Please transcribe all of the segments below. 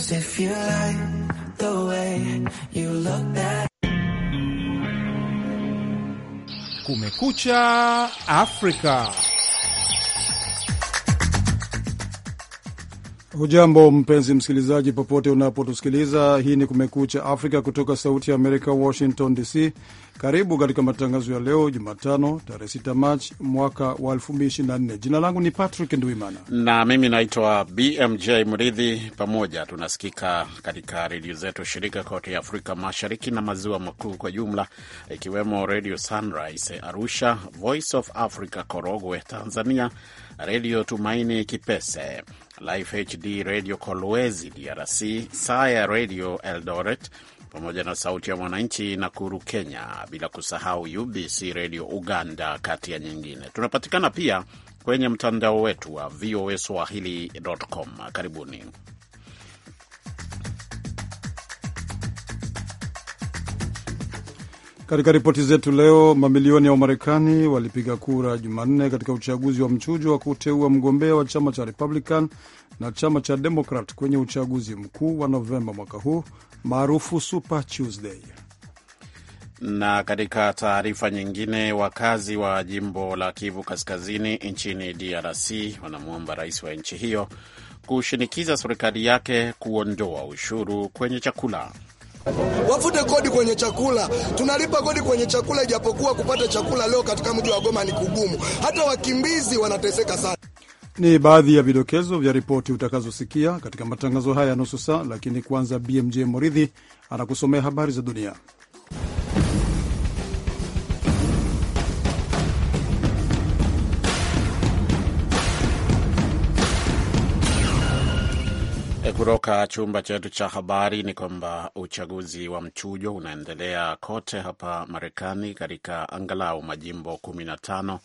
if you like the way you look that... Kumekucha Afrika. Hujambo mpenzi msikilizaji, popote unapotusikiliza. Hii ni Kumekucha Afrika kutoka Sauti ya Amerika, Washington DC. Karibu katika matangazo ya leo Jumatano, tarehe 6 Machi mwaka wa 2024. Jina langu ni Patrick Ndwimana na mimi naitwa BMJ Mridhi. Pamoja tunasikika katika redio zetu shirika kote Afrika Mashariki na Maziwa Makuu kwa jumla, ikiwemo Redio Sunrise Arusha, Voice of Africa Korogwe Tanzania, Redio Tumaini Kipese, Life HD, radio Kolwezi DRC, Saya radio Eldoret, pamoja na Sauti ya Mwananchi na Kuru Kenya, bila kusahau UBC Redio Uganda, kati ya nyingine. Tunapatikana pia kwenye mtandao wetu wa VOA Swahili.com. Karibuni. Katika ripoti zetu leo, mamilioni ya Wamarekani walipiga kura Jumanne katika uchaguzi wa mchujo wa kuteua mgombea wa chama cha Republican na chama cha Demokrat kwenye uchaguzi mkuu wa Novemba mwaka huu maarufu Super Tuesday. Na katika taarifa nyingine, wakazi wa jimbo la Kivu Kaskazini nchini DRC wanamwomba rais wa nchi hiyo kushinikiza serikali yake kuondoa ushuru kwenye chakula. Wafute kodi kwenye chakula. Tunalipa kodi kwenye chakula, ijapokuwa kupata chakula leo katika mji wa Goma ni kugumu. Hata wakimbizi wanateseka sana. Ni baadhi ya vidokezo vya ripoti utakazosikia katika matangazo haya ya nusu saa, lakini kwanza, BMJ Moridhi anakusomea habari za dunia. E, kutoka chumba chetu cha habari ni kwamba uchaguzi wa mchujo unaendelea kote hapa Marekani, katika angalau majimbo tano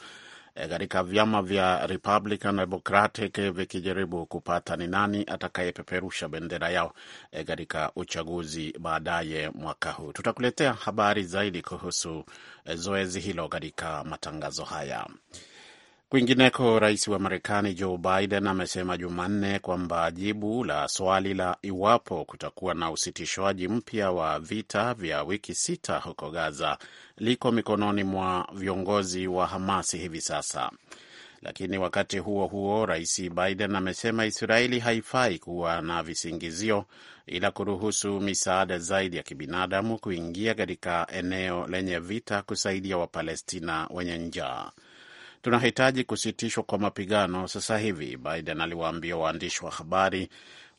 Eh, katika vyama vya Republican Democratic vikijaribu kupata ni nani atakayepeperusha bendera yao eh, katika uchaguzi baadaye mwaka huu. Tutakuletea habari zaidi kuhusu eh, zoezi hilo katika matangazo haya. Kwingineko, rais wa Marekani Joe Biden amesema Jumanne kwamba jibu la swali la iwapo kutakuwa na usitishwaji mpya wa vita vya wiki sita huko Gaza liko mikononi mwa viongozi wa Hamasi hivi sasa. Lakini wakati huo huo, rais Biden amesema Israeli haifai kuwa na visingizio ila kuruhusu misaada zaidi ya kibinadamu kuingia katika eneo lenye vita kusaidia Wapalestina wenye njaa tunahitaji kusitishwa kwa mapigano sasa hivi, Biden aliwaambia waandishi wa habari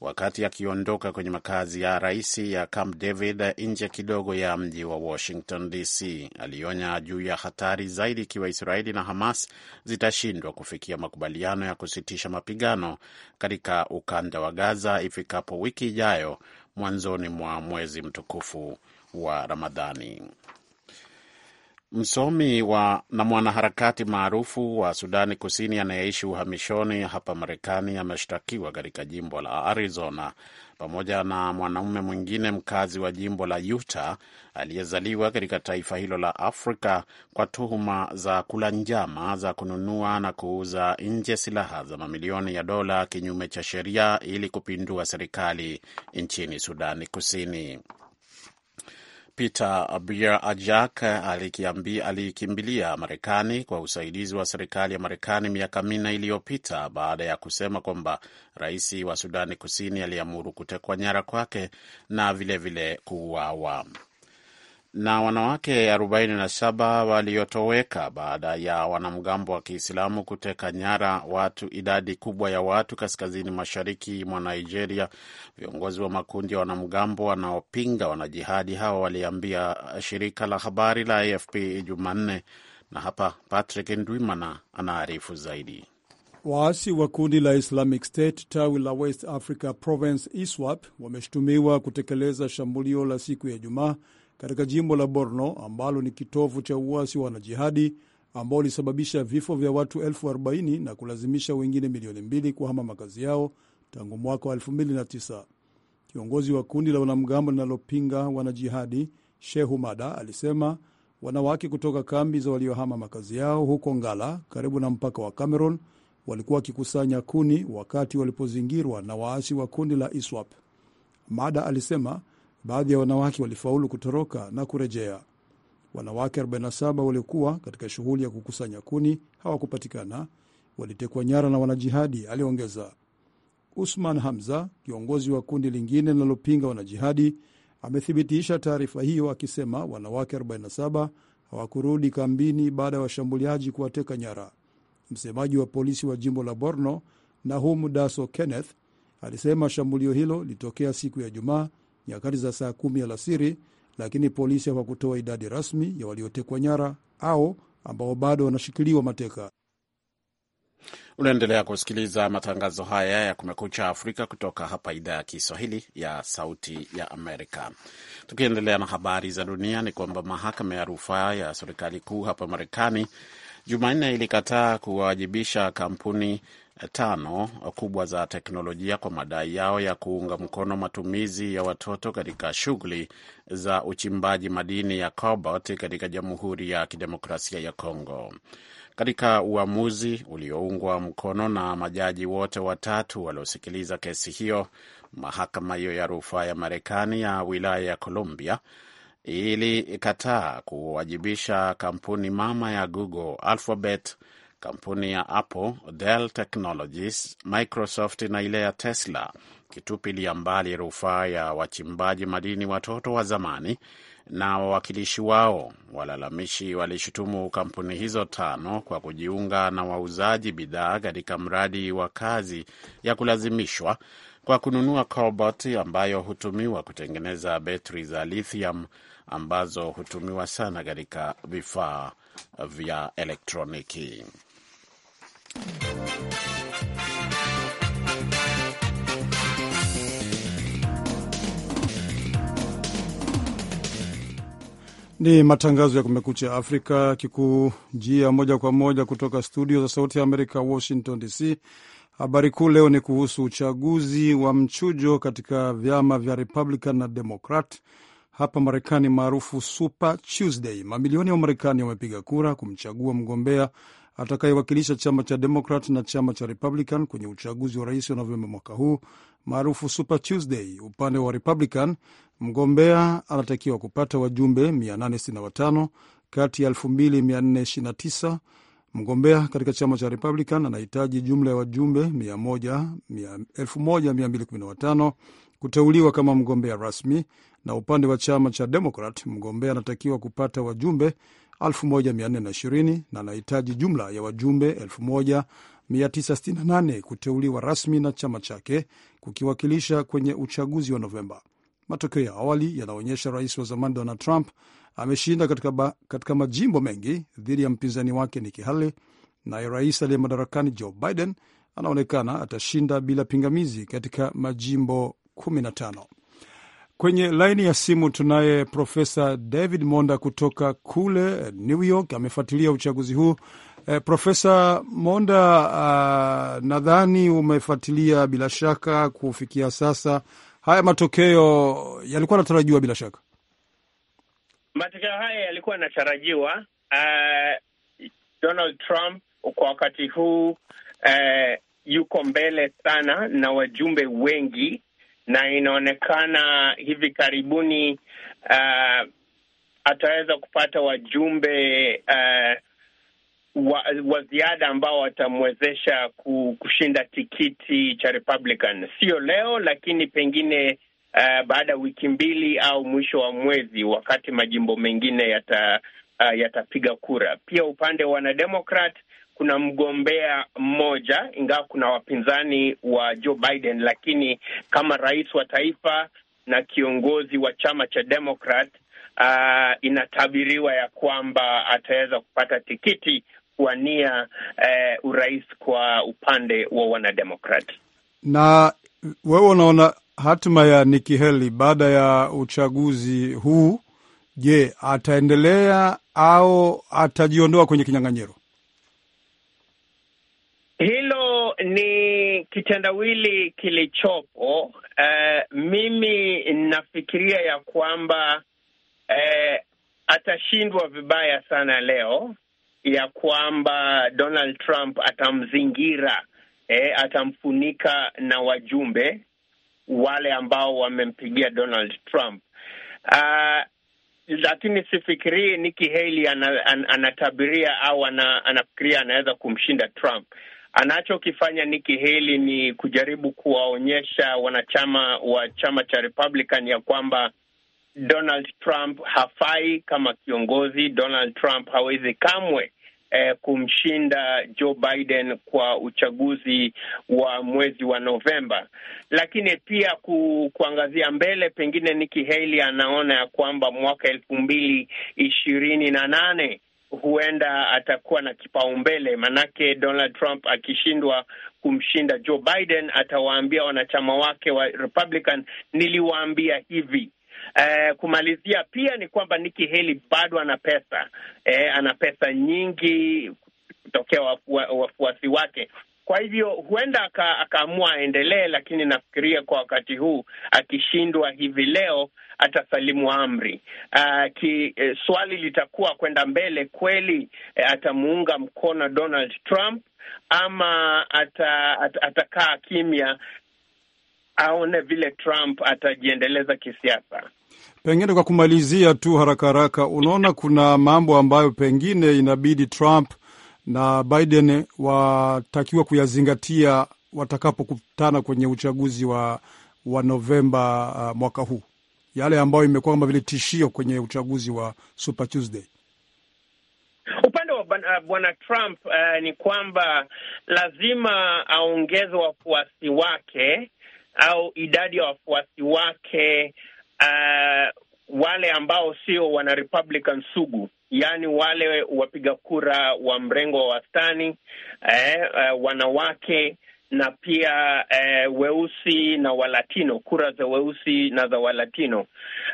wakati akiondoka kwenye makazi ya rais ya Camp David nje kidogo ya mji wa Washington DC. Alionya juu ya hatari zaidi ikiwa Israeli na Hamas zitashindwa kufikia makubaliano ya kusitisha mapigano katika ukanda wa Gaza ifikapo wiki ijayo mwanzoni mwa mwezi mtukufu wa Ramadhani. Msomi wa na mwanaharakati maarufu wa Sudani Kusini anayeishi uhamishoni hapa Marekani ameshtakiwa katika jimbo la Arizona pamoja na mwanaume mwingine mkazi wa jimbo la Utah aliyezaliwa katika taifa hilo la Afrika kwa tuhuma za kula njama za kununua na kuuza nje silaha za mamilioni ya dola kinyume cha sheria ili kupindua serikali nchini Sudani Kusini. Peter Abiy Ajak alikimbilia Marekani kwa usaidizi wa serikali ya Marekani miaka minne iliyopita baada ya kusema kwamba rais wa Sudani Kusini aliamuru kutekwa nyara kwake na vilevile kuuawa na wanawake 47 waliotoweka baada ya wanamgambo wa Kiislamu kuteka nyara watu idadi kubwa ya watu kaskazini mashariki mwa Nigeria. Viongozi wa makundi ya wanamgambo wanaopinga wanajihadi hao waliambia shirika la habari la AFP Jumanne, na hapa Patrick Ndwimana anaarifu zaidi. Waasi wa kundi la Islamic State tawi la West Africa Province ISWAP wameshutumiwa kutekeleza shambulio la siku ya Jumaa katika jimbo la Borno ambalo ni kitovu cha uasi wa wanajihadi ambao ulisababisha vifo vya watu elfu arobaini na kulazimisha wengine milioni mbili kuhama makazi yao tangu mwaka wa 2009. Kiongozi wa kundi la wanamgambo linalopinga wanajihadi Shehu Mada alisema wanawake kutoka kambi za waliohama makazi yao huko Ngala karibu na mpaka wa Cameron walikuwa wakikusanya kuni wakati walipozingirwa na waasi wa kundi la ISWAP. Mada alisema Baadhi ya wanawake walifaulu kutoroka na kurejea. Wanawake 47 waliokuwa katika shughuli ya kukusanya kuni hawakupatikana, walitekwa nyara na wanajihadi, aliongeza. Usman Hamza, kiongozi wa kundi lingine linalopinga wanajihadi, amethibitisha taarifa hiyo akisema wanawake 47 hawakurudi kambini baada ya washambuliaji kuwateka nyara. Msemaji wa polisi wa jimbo la Borno Nahum Daso Kenneth alisema shambulio hilo lilitokea siku ya Jumaa nyakati za saa kumi alasiri, lakini polisi hawakutoa idadi rasmi ya waliotekwa nyara au ambao bado wanashikiliwa mateka. Unaendelea kusikiliza matangazo haya ya Kumekucha Afrika kutoka hapa idhaa ya Kiswahili ya Sauti ya Amerika. Tukiendelea na habari za dunia, ni kwamba mahakama ya rufaa ya serikali kuu hapa Marekani Jumanne ilikataa kuwawajibisha kampuni tano kubwa za teknolojia kwa madai yao ya kuunga mkono matumizi ya watoto katika shughuli za uchimbaji madini ya cobalt katika Jamhuri ya Kidemokrasia ya Kongo. Katika uamuzi ulioungwa mkono na majaji wote watatu waliosikiliza kesi hiyo, mahakama hiyo ya rufaa ya Marekani ya wilaya ya Columbia ilikataa kuwajibisha kampuni mama ya Google Alphabet kampuni ya Apple, Dell Technologies, Microsoft na ile ya Tesla ikitupilia mbali rufaa ya wachimbaji madini watoto wa zamani na wawakilishi wao. Walalamishi walishutumu kampuni hizo tano kwa kujiunga na wauzaji bidhaa katika mradi wa kazi ya kulazimishwa kwa kununua cobalt ambayo hutumiwa kutengeneza betri za lithium ambazo hutumiwa sana katika vifaa vya elektroniki. Ni matangazo ya Kumekucha Afrika kikujia moja kwa moja kutoka studio za Sauti ya Amerika, Washington DC. Habari kuu leo ni kuhusu uchaguzi wa mchujo katika vyama vya Republican na Democrat hapa Marekani, maarufu Super Tuesday. Mamilioni ya Wamarekani wamepiga kura kumchagua mgombea atakayewakilisha chama cha Demokrat na chama cha Republican kwenye uchaguzi wa rais wa Novemba mwaka huu maarufu Super Tuesday. Upande wa Republican, mgombea anatakiwa kupata wajumbe 865 kati ya 2429 Mgombea katika chama cha Republican anahitaji jumla ya wajumbe 1215 kuteuliwa kama mgombea rasmi, na upande wa chama cha Democrat mgombea anatakiwa kupata wajumbe 1420 na anahitaji jumla ya wajumbe 1968 kuteuliwa rasmi na chama chake kukiwakilisha kwenye uchaguzi wa Novemba. Matokeo ya awali yanaonyesha rais wa zamani Donald Trump ameshinda katika, ba, katika majimbo mengi dhidi ya mpinzani wake Nikki Haley, naye rais aliye madarakani Joe Biden anaonekana atashinda bila pingamizi katika majimbo 15. Kwenye laini ya simu tunaye Profesa David Monda kutoka kule New York, amefuatilia uchaguzi huu. Eh, Profesa Monda, uh, nadhani umefuatilia bila shaka. Kufikia sasa haya matokeo yalikuwa yanatarajiwa, bila shaka matokeo haya yalikuwa yanatarajiwa. Uh, Donald Trump kwa wakati huu uh, yuko mbele sana na wajumbe wengi na inaonekana hivi karibuni uh, ataweza kupata wajumbe uh, wa, wa ziada ambao watamwezesha kushinda tikiti cha Republican, sio leo, lakini pengine uh, baada ya wiki mbili au mwisho wa mwezi, wakati majimbo mengine yata uh, yatapiga kura. Pia upande wa wanademokrat kuna mgombea mmoja, ingawa kuna wapinzani wa Joe Biden, lakini kama rais wa taifa na kiongozi wa chama cha Democrat uh, inatabiriwa ya kwamba ataweza kupata tikiti kuwania uh, urais kwa upande wa wanademokrat. Na wewe unaona hatima ya Nikki Haley baada ya uchaguzi huu, je, ataendelea au atajiondoa kwenye kinyang'anyiro? ni kitendawili kilichopo. Uh, mimi nafikiria ya kwamba uh, atashindwa vibaya sana leo, ya kwamba Donald Trump atamzingira, eh, atamfunika na wajumbe wale ambao wamempigia Donald Trump. Uh, lakini sifikirii Nikki Haley anatabiria ana, ana au ana, anafikiria anaweza kumshinda Trump. Anachokifanya Nikki Haley ni kujaribu kuwaonyesha wanachama wa chama cha Republican ya kwamba Donald Trump hafai kama kiongozi. Donald Trump hawezi kamwe eh, kumshinda Joe Biden kwa uchaguzi wa mwezi wa Novemba, lakini pia ku, kuangazia mbele, pengine Nikki Haley anaona ya kwamba mwaka elfu mbili ishirini na nane huenda atakuwa na kipaumbele, manake Donald Trump akishindwa kumshinda Joe Biden atawaambia wanachama wake wa Republican, niliwaambia hivi. Eh, kumalizia pia ni kwamba Nikki Haley bado ana pesa eh, ana pesa nyingi kutokea wafuasi wake kwa hivyo huenda akaamua aendelee, lakini nafikiria kwa wakati huu akishindwa hivi leo atasalimu amri. Uh, ki, eh, swali litakuwa kwenda mbele kweli, eh, atamuunga mkono Donald Trump ama ata, at, atakaa kimya aone vile Trump atajiendeleza kisiasa. Pengine kwa kumalizia tu haraka haraka, unaona kuna mambo ambayo pengine inabidi Trump na Biden watakiwa kuyazingatia watakapokutana kwenye uchaguzi wa, wa Novemba uh, mwaka huu, yale ambayo imekuwa kama vile tishio kwenye uchaguzi wa Super Tuesday. Upande wa uh, bwana Trump uh, ni kwamba lazima aongeze wafuasi wake au idadi ya wafuasi wake uh, wale ambao sio wana Republican sugu yaani wale wapiga kura wa mrengo wa wastani eh, eh, wanawake na pia eh, weusi na Walatino, kura za weusi na za Walatino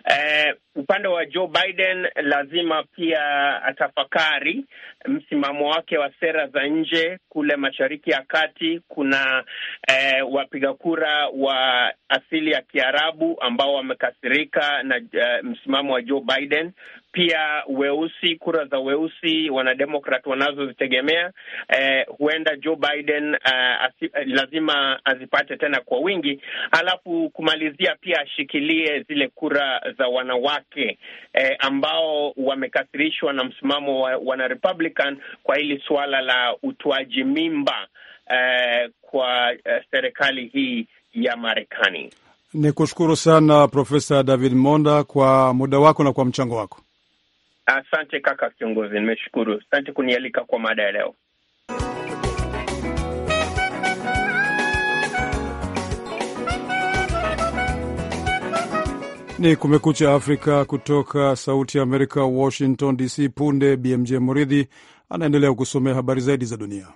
eh, upande wa Joe Biden lazima pia atafakari msimamo wake wa sera za nje. Kule Mashariki ya Kati kuna eh, wapiga kura wa asili ya Kiarabu ambao wamekasirika na eh, msimamo wa Joe Biden pia weusi, kura za weusi wanademokrat wanazozitegemea eh, huenda Joe Biden uh, asi, lazima azipate tena kwa wingi, alafu kumalizia pia ashikilie zile kura za wanawake wake eh, ambao wamekasirishwa na msimamo wa wanarepublican kwa hili suala la utoaji mimba eh, kwa eh, serikali hii ya Marekani. Ni kushukuru sana Profesa David Monda kwa muda wako na kwa mchango wako. Asante kaka kiongozi, nimeshukuru. Asante kunialika kwa mada ya leo. Ni Kumekucha Afrika kutoka Sauti ya Amerika, Washington DC. Punde BMJ Muridhi anaendelea kusomea habari zaidi za dunia.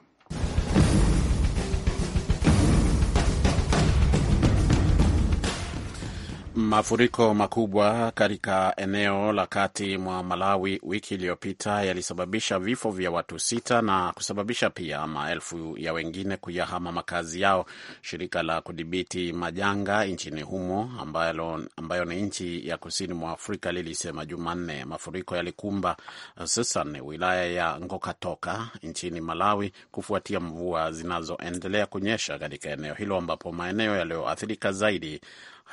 Mafuriko makubwa katika eneo la kati mwa Malawi wiki iliyopita yalisababisha vifo vya watu sita na kusababisha pia maelfu ya wengine kuyahama makazi yao. Shirika la kudhibiti majanga nchini humo ambayo, ambayo ni nchi ya kusini mwa Afrika lilisema Jumanne mafuriko yalikumba hususan wilaya ya Ngokatoka nchini Malawi kufuatia mvua zinazoendelea kunyesha katika eneo hilo ambapo maeneo yaliyoathirika zaidi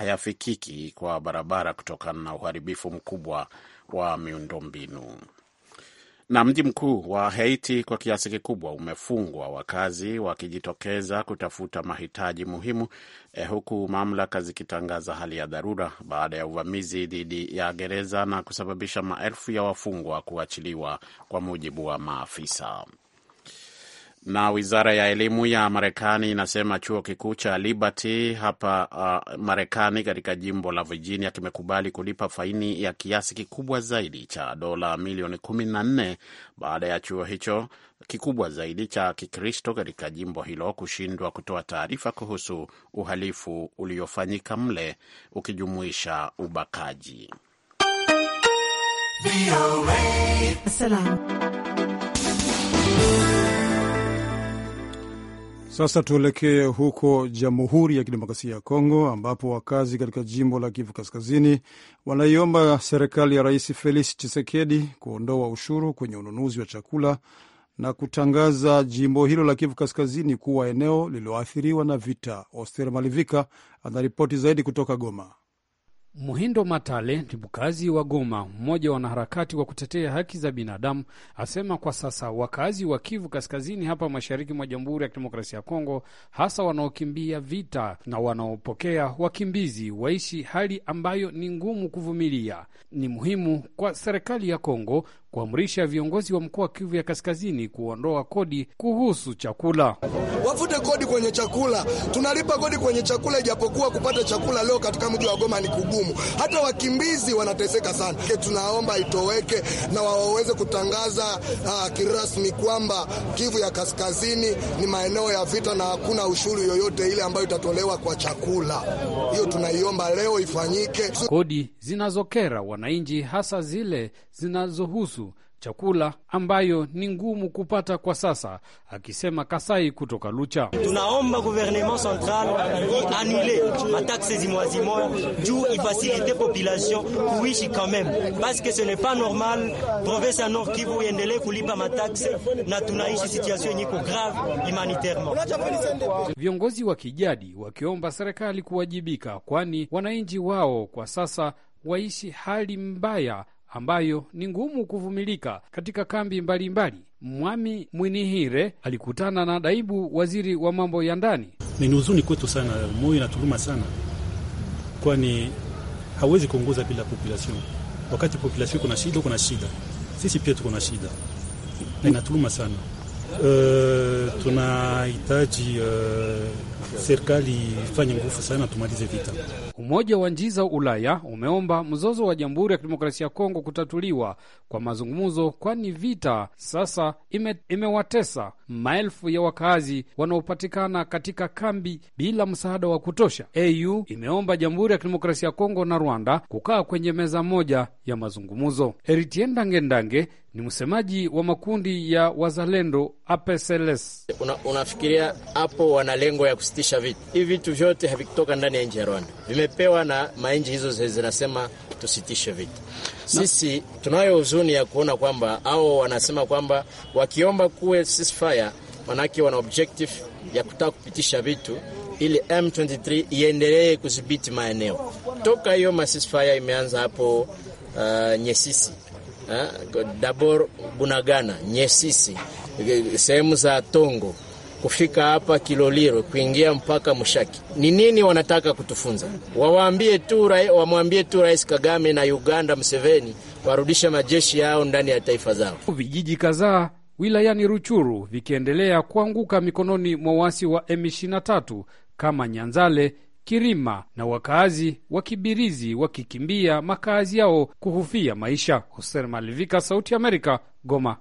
hayafikiki kwa barabara kutokana na uharibifu mkubwa wa miundombinu. Na mji mkuu wa Haiti kwa kiasi kikubwa umefungwa, wakazi wakijitokeza kutafuta mahitaji muhimu eh, huku mamlaka zikitangaza hali ya dharura baada ya uvamizi dhidi ya gereza na kusababisha maelfu ya wafungwa kuachiliwa, kwa mujibu wa maafisa. Na wizara ya elimu ya Marekani inasema chuo kikuu cha Liberty hapa uh, Marekani katika jimbo la Virginia kimekubali kulipa faini ya kiasi kikubwa zaidi cha dola milioni nne baada ya chuo hicho kikubwa zaidi cha Kikristo katika jimbo hilo kushindwa kutoa taarifa kuhusu uhalifu uliofanyika mle ukijumuisha ubakaji. Salam. Sasa tuelekee huko Jamhuri ya Kidemokrasia ya Kongo, ambapo wakazi katika jimbo la Kivu Kaskazini wanaiomba serikali ya Rais Felix Tshisekedi kuondoa ushuru kwenye ununuzi wa chakula na kutangaza jimbo hilo la Kivu Kaskazini kuwa eneo lililoathiriwa na vita. Oster Malivika anaripoti zaidi kutoka Goma. Muhindo Matale ni mkazi wa Goma, mmoja wa wanaharakati wa kutetea haki za binadamu, asema kwa sasa wakazi wa Kivu Kaskazini hapa mashariki mwa Jamhuri ya Kidemokrasia ya Kongo, hasa wanaokimbia vita na wanaopokea wakimbizi, waishi hali ambayo ni ngumu kuvumilia. Ni muhimu kwa serikali ya Kongo kuamrisha viongozi wa mkoa wa Kivu ya Kaskazini kuondoa kodi kuhusu chakula. Wafute kodi kwenye chakula, tunalipa kodi kwenye chakula, ijapokuwa kupata chakula leo katika mji wa Goma ni kugumu. Hata wakimbizi wanateseka sana. Tunaomba itoweke na waweze kutangaza uh, kirasmi kwamba Kivu ya Kaskazini ni maeneo ya vita na hakuna ushuru yoyote ile ambayo itatolewa kwa chakula. Hiyo tunaiomba leo ifanyike. Kodi zinazokera wananchi, hasa zile zinazohusu chakula ambayo ni ngumu kupata kwa sasa, akisema Kasai kutoka Lucha. Tunaomba guvernement central anule mataxe zimwazimoya juu ifasilite population kuishi kameme, paske ce n'est pas normal province ya Nord Kivu iendelee kulipa mataxe na tunaishi situation yenyeko grave humanitairement. Viongozi wa kijadi wakiomba serikali kuwajibika, kwani wananchi wao kwa sasa waishi hali mbaya ambayo ni ngumu kuvumilika katika kambi mbalimbali mbali. Mwami Mwinihire alikutana na naibu waziri wa mambo ya ndani. Ni huzuni kwetu sana, moyo inatuluma sana, kwani hawezi kuongoza bila population. Wakati population kuna shida, kuna shida, sisi pia tuko na shida na inatuluma sana Uh, tunahitaji uh, serikali ifanye nguvu sana tumalize vita. Umoja wa nchi za Ulaya umeomba mzozo wa Jamhuri ya Kidemokrasia ya Kongo kutatuliwa kwa mazungumzo, kwani vita sasa ime, imewatesa maelfu ya wakazi wanaopatikana katika kambi bila msaada wa kutosha. AU imeomba Jamhuri ya Kidemokrasia ya Kongo na Rwanda kukaa kwenye meza moja ya mazungumzo. Eritien Ndangendange ni msemaji wa makundi ya wazalendo APCLS. Una, unafikiria hapo wana lengo ya kusitisha vitu hivi? Vitu vyote havikutoka ndani ya nchi ya Rwanda, vimepewa na manchi hizo zinasema tusitishe vitu Sisi tunayo huzuni ya kuona kwamba au wanasema kwamba wakiomba kuwe ceasefire, manake wana objective ya kutaka kupitisha vitu ili M23 iendelee kudhibiti maeneo toka hiyo ma ceasefire imeanza hapo uh, Nyesisi Eh, Dabor, Bunagana, Nyesisi, sehemu za Tongo kufika hapa Kiloliro kuingia mpaka Mushaki. Ni nini wanataka kutufunza? Wawaambie tu, wamwambie tu Rais Kagame na Uganda Museveni warudishe majeshi yao ndani ya taifa zao. Vijiji kadhaa wilayani Ruchuru vikiendelea kuanguka mikononi mwa wasi wa M23 kama Nyanzale Kirima na wakaazi wa Kibirizi wakikimbia makaazi yao kuhufia maisha. Hoser Malivika, Sauti ya Amerika, Goma.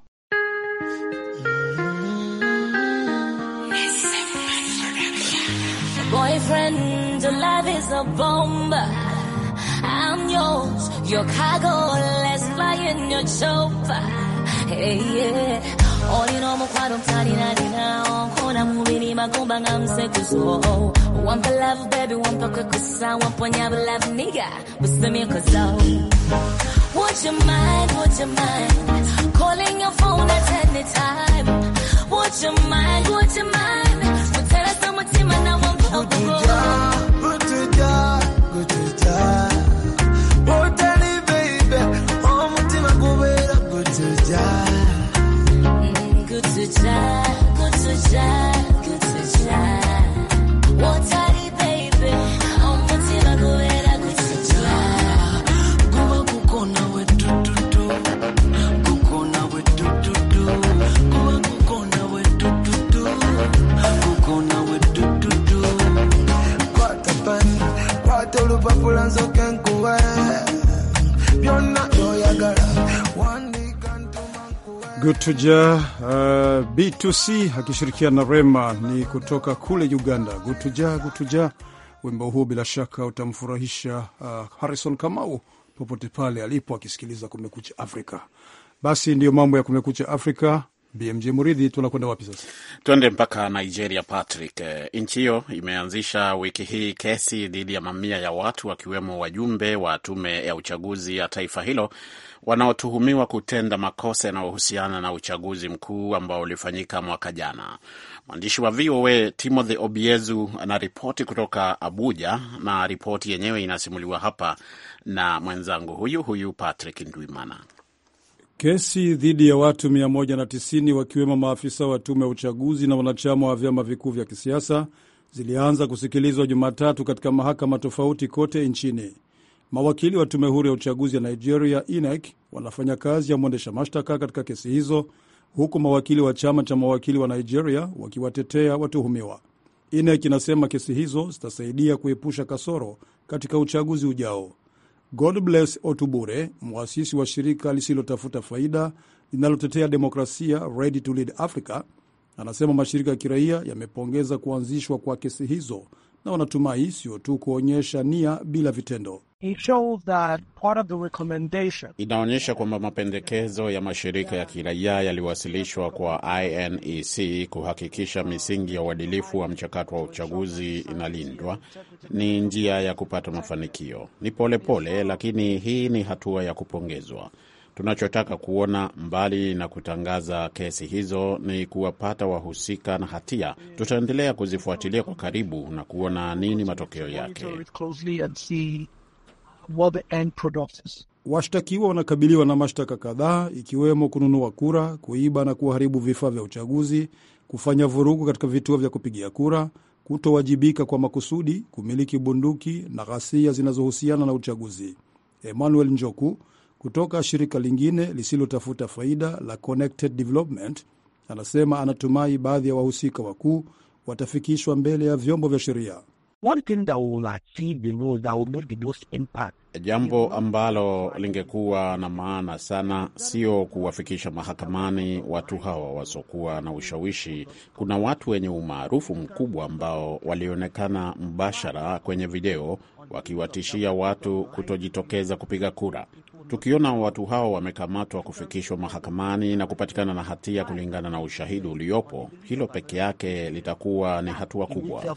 어린어머 화롱탈이 날이 나옴 호나 무비니 마공방 암세 구소 One for love baby one for quick kusa One for love nigga With me cause Would you mind, would you mind Calling your phone at any time Would you mind, would you mind Would tell us someone team time I won't go Tuja uh, B2C akishirikiana na Rema ni kutoka kule Uganda. Gutuja Gutuja, wimbo huo bila shaka utamfurahisha uh, Harrison Kamau popote pale alipo akisikiliza Kumekucha Afrika. Basi ndiyo mambo ya Kumekucha Afrika. BMJ Muridhi, tunakwenda wapi sasa? Tuende mpaka Nigeria, Patrick. Eh, nchi hiyo imeanzisha wiki hii kesi dhidi ya mamia ya watu wakiwemo wajumbe wa tume ya uchaguzi ya taifa hilo wanaotuhumiwa kutenda makosa yanayohusiana na uchaguzi mkuu ambao ulifanyika mwaka jana. Mwandishi wa VOA Timothy Obiezu anaripoti kutoka Abuja, na ripoti yenyewe inasimuliwa hapa na mwenzangu huyu huyu Patrick Ndwimana. Kesi dhidi ya watu 190 wakiwemo maafisa wa tume ya uchaguzi na wanachama wa vyama vikuu vya kisiasa zilianza kusikilizwa Jumatatu katika mahakama tofauti kote nchini. Mawakili wa tume huru ya uchaguzi ya Nigeria, INEC, wanafanya kazi ya mwendesha mashtaka katika kesi hizo, huku mawakili wa chama cha mawakili wa Nigeria wakiwatetea watuhumiwa. INEC inasema kesi hizo zitasaidia kuepusha kasoro katika uchaguzi ujao. Godbless Otubure, mwasisi wa shirika lisilotafuta faida linalotetea demokrasia Ready to Lead Africa, anasema mashirika ya kiraia yamepongeza kuanzishwa kwa kesi hizo na wanatumai sio tu kuonyesha nia bila vitendo. Inaonyesha kwamba mapendekezo ya mashirika ya kiraia yaliwasilishwa kwa INEC kuhakikisha misingi ya uadilifu wa mchakato wa uchaguzi inalindwa ni njia ya kupata mafanikio. Ni polepole pole, lakini hii ni hatua ya kupongezwa. Tunachotaka kuona mbali na kutangaza kesi hizo ni kuwapata wahusika na hatia. Tutaendelea kuzifuatilia kwa karibu na kuona nini matokeo yake. Washtakiwa wanakabiliwa na mashtaka kadhaa ikiwemo kununua kura, kuiba na kuharibu vifaa vya uchaguzi, kufanya vurugu katika vituo vya kupigia kura, kutowajibika kwa makusudi, kumiliki bunduki na ghasia zinazohusiana na uchaguzi. Emmanuel Njoku kutoka shirika lingine lisilotafuta faida la Connected Development anasema anatumai baadhi ya wahusika wakuu watafikishwa mbele ya vyombo vya sheria. One thing that will achieve that will make the most impact. Jambo ambalo lingekuwa na maana sana sio kuwafikisha mahakamani watu hawa wasokuwa na ushawishi. Kuna watu wenye umaarufu mkubwa ambao walionekana mbashara kwenye video wakiwatishia watu kutojitokeza kupiga kura. Tukiona watu hao wamekamatwa, kufikishwa mahakamani na kupatikana na hatia kulingana na ushahidi uliopo, hilo peke yake litakuwa ni hatua kubwa.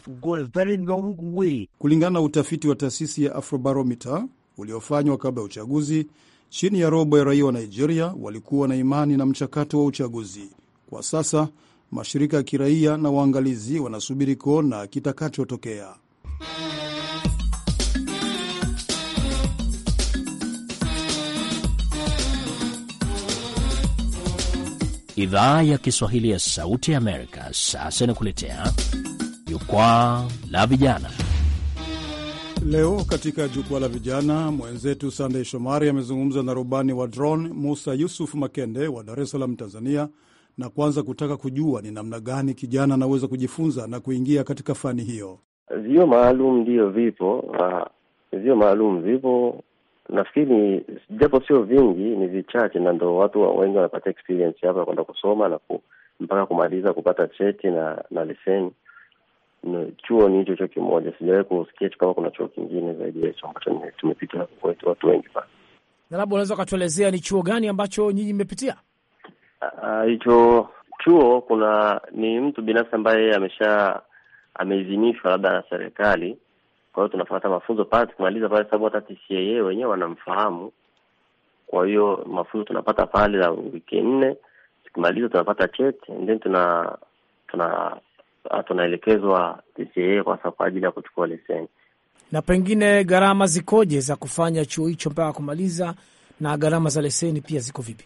Kulingana na utafiti wa taasisi ya Afrobaromita uliofanywa kabla ya uchaguzi, chini ya robo ya raia wa Nigeria walikuwa na imani na mchakato wa uchaguzi. Kwa sasa mashirika ya kiraia na waangalizi wanasubiri kuona kitakachotokea. Idhaa ya Kiswahili ya Sauti ya Amerika sasa inakuletea Jukwaa la Vijana. Leo katika Jukwaa la Vijana, mwenzetu Sandey Shomari amezungumza na rubani wa drone Musa Yusuf Makende wa Dar es Salaam, Tanzania, na kwanza kutaka kujua ni namna gani kijana anaweza kujifunza na kuingia katika fani hiyo. Vio maalum ndiyo vipo, ah, vio maalum vipo nafikiri japo sio vingi, ni vichache, na ndo watu wengi wanapata experience hapa kwenda kusoma na ku, mpaka kumaliza kupata cheti na na leseni. Chuo ni hicho chuo kimoja, sijawai kusikia kama kuna chuo kingine zaidi ya hicho ambacho tumepita watu wengi pa Na labda unaweza ukatuelezea ni chuo gani ambacho nyinyi mmepitia ah, ah, hicho? Chuo kuna ni mtu binafsi ambaye amesha ameidhinishwa labda na serikali kwa hiyo tunafuata mafunzo pale, tukimaliza pale, sababu hata TCA wenyewe wanamfahamu. Kwa hiyo mafunzo tunapata pale la wiki nne, tukimaliza tunapata cheti and then tuna tuna ah, tunaelekezwa TCA kwa kwa ajili ya kuchukua leseni. Na pengine gharama zikoje za kufanya chuo hicho mpaka kumaliza, na gharama za leseni pia ziko vipi?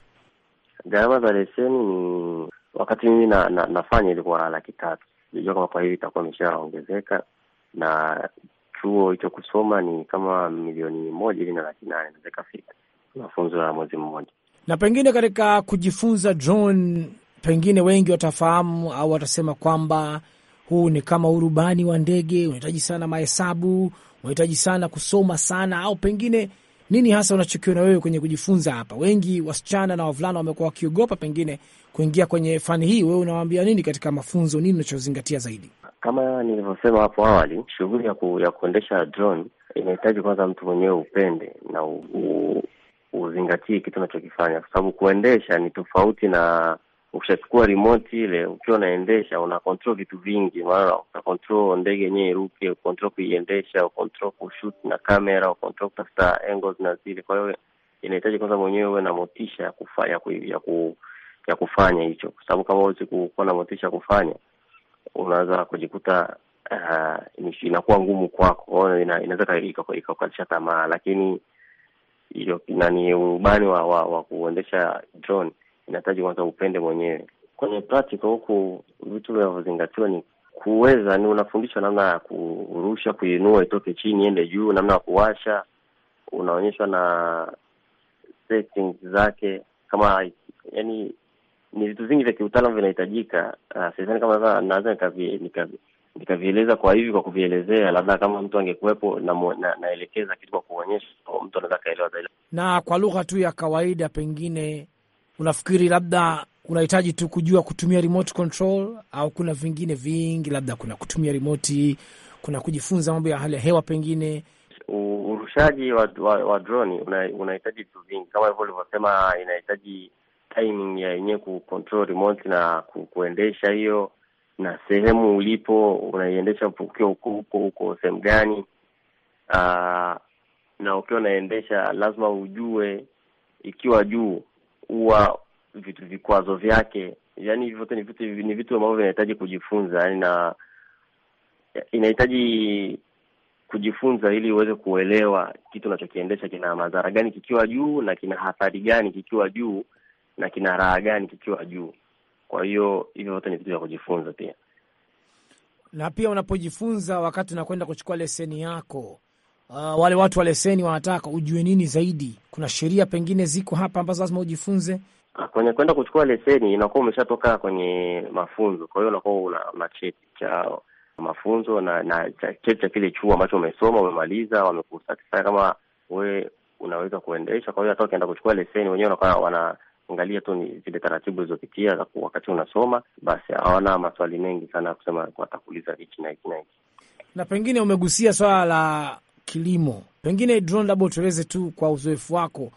Gharama za leseni ni wakati mimi na, na, nafanya ilikuwa laki tatu. Sijua kama kwa hivi itakuwa imeshaongezeka na chuo hicho kusoma ni kama milioni moja hivi na laki nane naweza ikafika mafunzo ya mwezi mmoja. Na pengine katika kujifunza drone, pengine wengi watafahamu au watasema kwamba huu ni kama urubani wa ndege, unahitaji sana mahesabu, unahitaji sana kusoma sana, au pengine nini hasa unachokiona wewe kwenye kujifunza hapa? Wengi wasichana na wavulana wamekuwa wakiogopa pengine kuingia kwenye fani hii, wewe unawaambia nini katika mafunzo? Nini unachozingatia zaidi? Kama nilivyosema hapo awali, shughuli ya, ku, ya kuendesha drone inahitaji kwanza mtu mwenyewe upende na u, u, uzingatie kitu unachokifanya, kwa sababu kuendesha ni tofauti na ukishachukua remote ile ukiwa unaendesha una control vitu vingi, maana una control ndege yenyewe iruke, control kuiendesha, control kushoot na kamera, control kutafuta angles na zile. Kwa hiyo inahitaji kwanza mwenyewe uwe na motisha ya kufanya ya ku, ya kufanya hicho, kwa sababu kama huwezi kuwa na motisha ya kufanya unaweza kujikuta uh, inakuwa ngumu kwako, inaweza ikakukatisha tamaa. Lakini hiyo nani ubani wa, wa, wa kuendesha drone inahitaji kwanza upende mwenyewe. Kwenye practical huku vitu vinavyozingatiwa ni kuweza, ni unafundishwa namna ya kurusha, kuinua itoke chini iende juu, namna ya kuwasha, unaonyeshwa na settings zake kama yani ni vitu vingi vya kiutaalamu vinahitajika. Uh, sidhani kama naweza nikavieleza kwa hivi kwa kuvielezea, labda kama mtu angekuwepo na naelekeza kitu kwa kuonyesha, mtu anaweza akaelewa zaidi, na kwa lugha tu ya kawaida pengine unafikiri labda unahitaji tu kujua kutumia remote control au kuna vingine vingi, labda kuna kutumia remote, kuna kujifunza mambo ya hali ya hewa pengine urushaji wa, wa, wa droni unahitaji vitu vingi kama hivyo ulivyosema, inahitaji timing ya yenyewe kucontrol remote na kuendesha hiyo, na sehemu ulipo unaiendesha ukiwa uko huko huko sehemu gani. Aa, na ukiwa unaendesha lazima ujue ikiwa juu huwa vitu vikwazo vyake, yani vyote ni vitu ni vitu ambavyo vinahitaji kujifunza, yani na inahitaji kujifunza ili uweze kuelewa kitu unachokiendesha kina madhara gani kikiwa juu, na kina hatari gani kikiwa juu, na kina raha gani kikiwa juu. Kwa hiyo hivyo vyote ni vitu vya kujifunza pia, na pia unapojifunza, wakati unakwenda kuchukua leseni yako uh, wale watu wa leseni wanataka ujue nini zaidi? Kuna sheria pengine ziko hapa ambazo lazima ujifunze ah, kwenye kwenda kuchukua leseni. Inakuwa umeshatoka kwenye mafunzo, kwa hiyo unakuwa una, una cheti cha mafunzo na, na cheti cha kile chuo ambacho umesoma umemaliza, wamekusatisfai kama we unaweza kuendesha. Kwa hiyo hata ukienda kuchukua leseni wenyewe unakuwa wana angalia tu ni zile taratibu zilizopitia wakati unasoma, basi hawana maswali mengi sana ya kusema watakuuliza hichi na hiki na hiki. Na pengine umegusia swala la kilimo. Pengine drone, labda utueleze tu kwa uzoefu wako,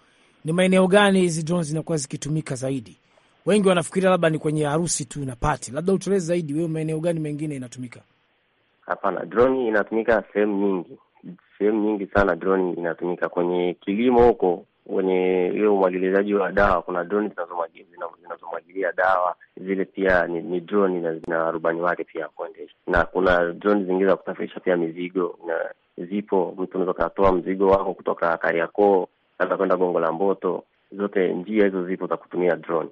ni maeneo gani hizi drone zinakuwa zikitumika zaidi? Wengi wanafikiria labda ni kwenye harusi tu na pati, labda utueleze zaidi, wewe maeneo gani mengine inatumika? Hapana, drone inatumika sehemu nyingi, sehemu nyingi sana. Drone inatumika kwenye kilimo huko kwenye hiyo umwagilizaji wa dawa, kuna drone zinazomwagilia dawa zile, pia ni, ni drone na zina rubani wake pia kuendesha, na kuna drone zingine za kusafirisha pia mizigo na zipo. Mtu unaweza ukatoa mzigo wako kutoka Kariakoo labda kwenda Gongo la Mboto, zote njia hizo zipo za kutumia drone.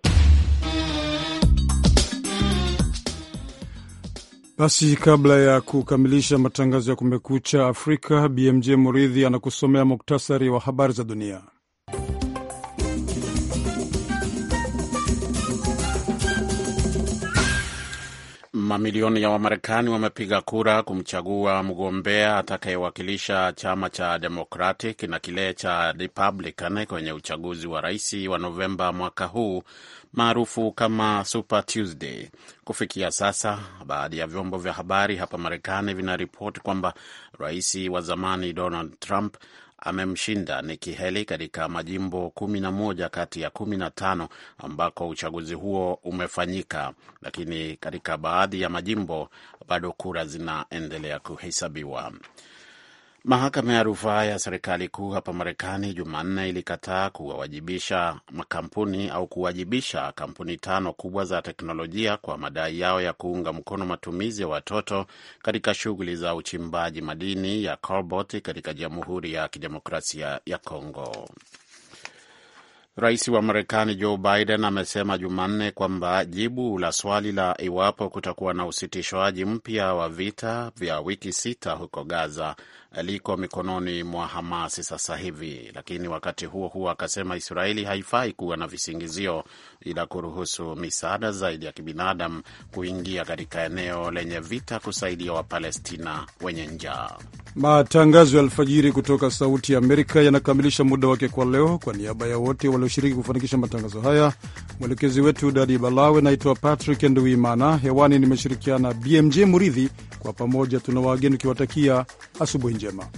Basi kabla ya kukamilisha matangazo ya Kumekucha Afrika, BMJ Muridhi anakusomea muktasari wa habari za dunia. Mamilioni ya Wamarekani wamepiga kura kumchagua mgombea atakayewakilisha chama cha Democratic na kile cha Republican kwenye uchaguzi wa rais wa Novemba mwaka huu maarufu kama Super Tuesday. Kufikia sasa, baadhi ya vyombo vya habari hapa Marekani vinaripoti kwamba rais wa zamani Donald Trump amemshinda Nikki Haley katika majimbo kumi na moja kati ya kumi na tano ambako uchaguzi huo umefanyika, lakini katika baadhi ya majimbo bado kura zinaendelea kuhesabiwa. Mahakama ya rufaa ya serikali kuu hapa Marekani Jumanne ilikataa kuwawajibisha makampuni au kuwajibisha kampuni tano kubwa za teknolojia kwa madai yao ya kuunga mkono matumizi ya watoto katika shughuli za uchimbaji madini ya cobalt katika Jamhuri ya Kidemokrasia ya Kongo. Rais wa Marekani Joe Biden amesema Jumanne kwamba jibu la swali la iwapo kutakuwa na usitishwaji mpya wa vita vya wiki sita huko Gaza liko mikononi mwa hamas sasa hivi. Lakini wakati huo huo akasema Israeli haifai kuwa na visingizio ila kuruhusu misaada zaidi ya kibinadamu kuingia katika eneo lenye vita kusaidia Wapalestina wenye njaa. Matangazo ya alfajiri kutoka Sauti ya Amerika yanakamilisha muda wake kwa leo. Kwa niaba ya wote walioshiriki kufanikisha matangazo haya, mwelekezi wetu Dadi Balawe, naitwa Patrick Nduimana, hewani nimeshirikiana BMJ Muridhi. Kwa pamoja tuna wageni ukiwatakia asubuhi njema.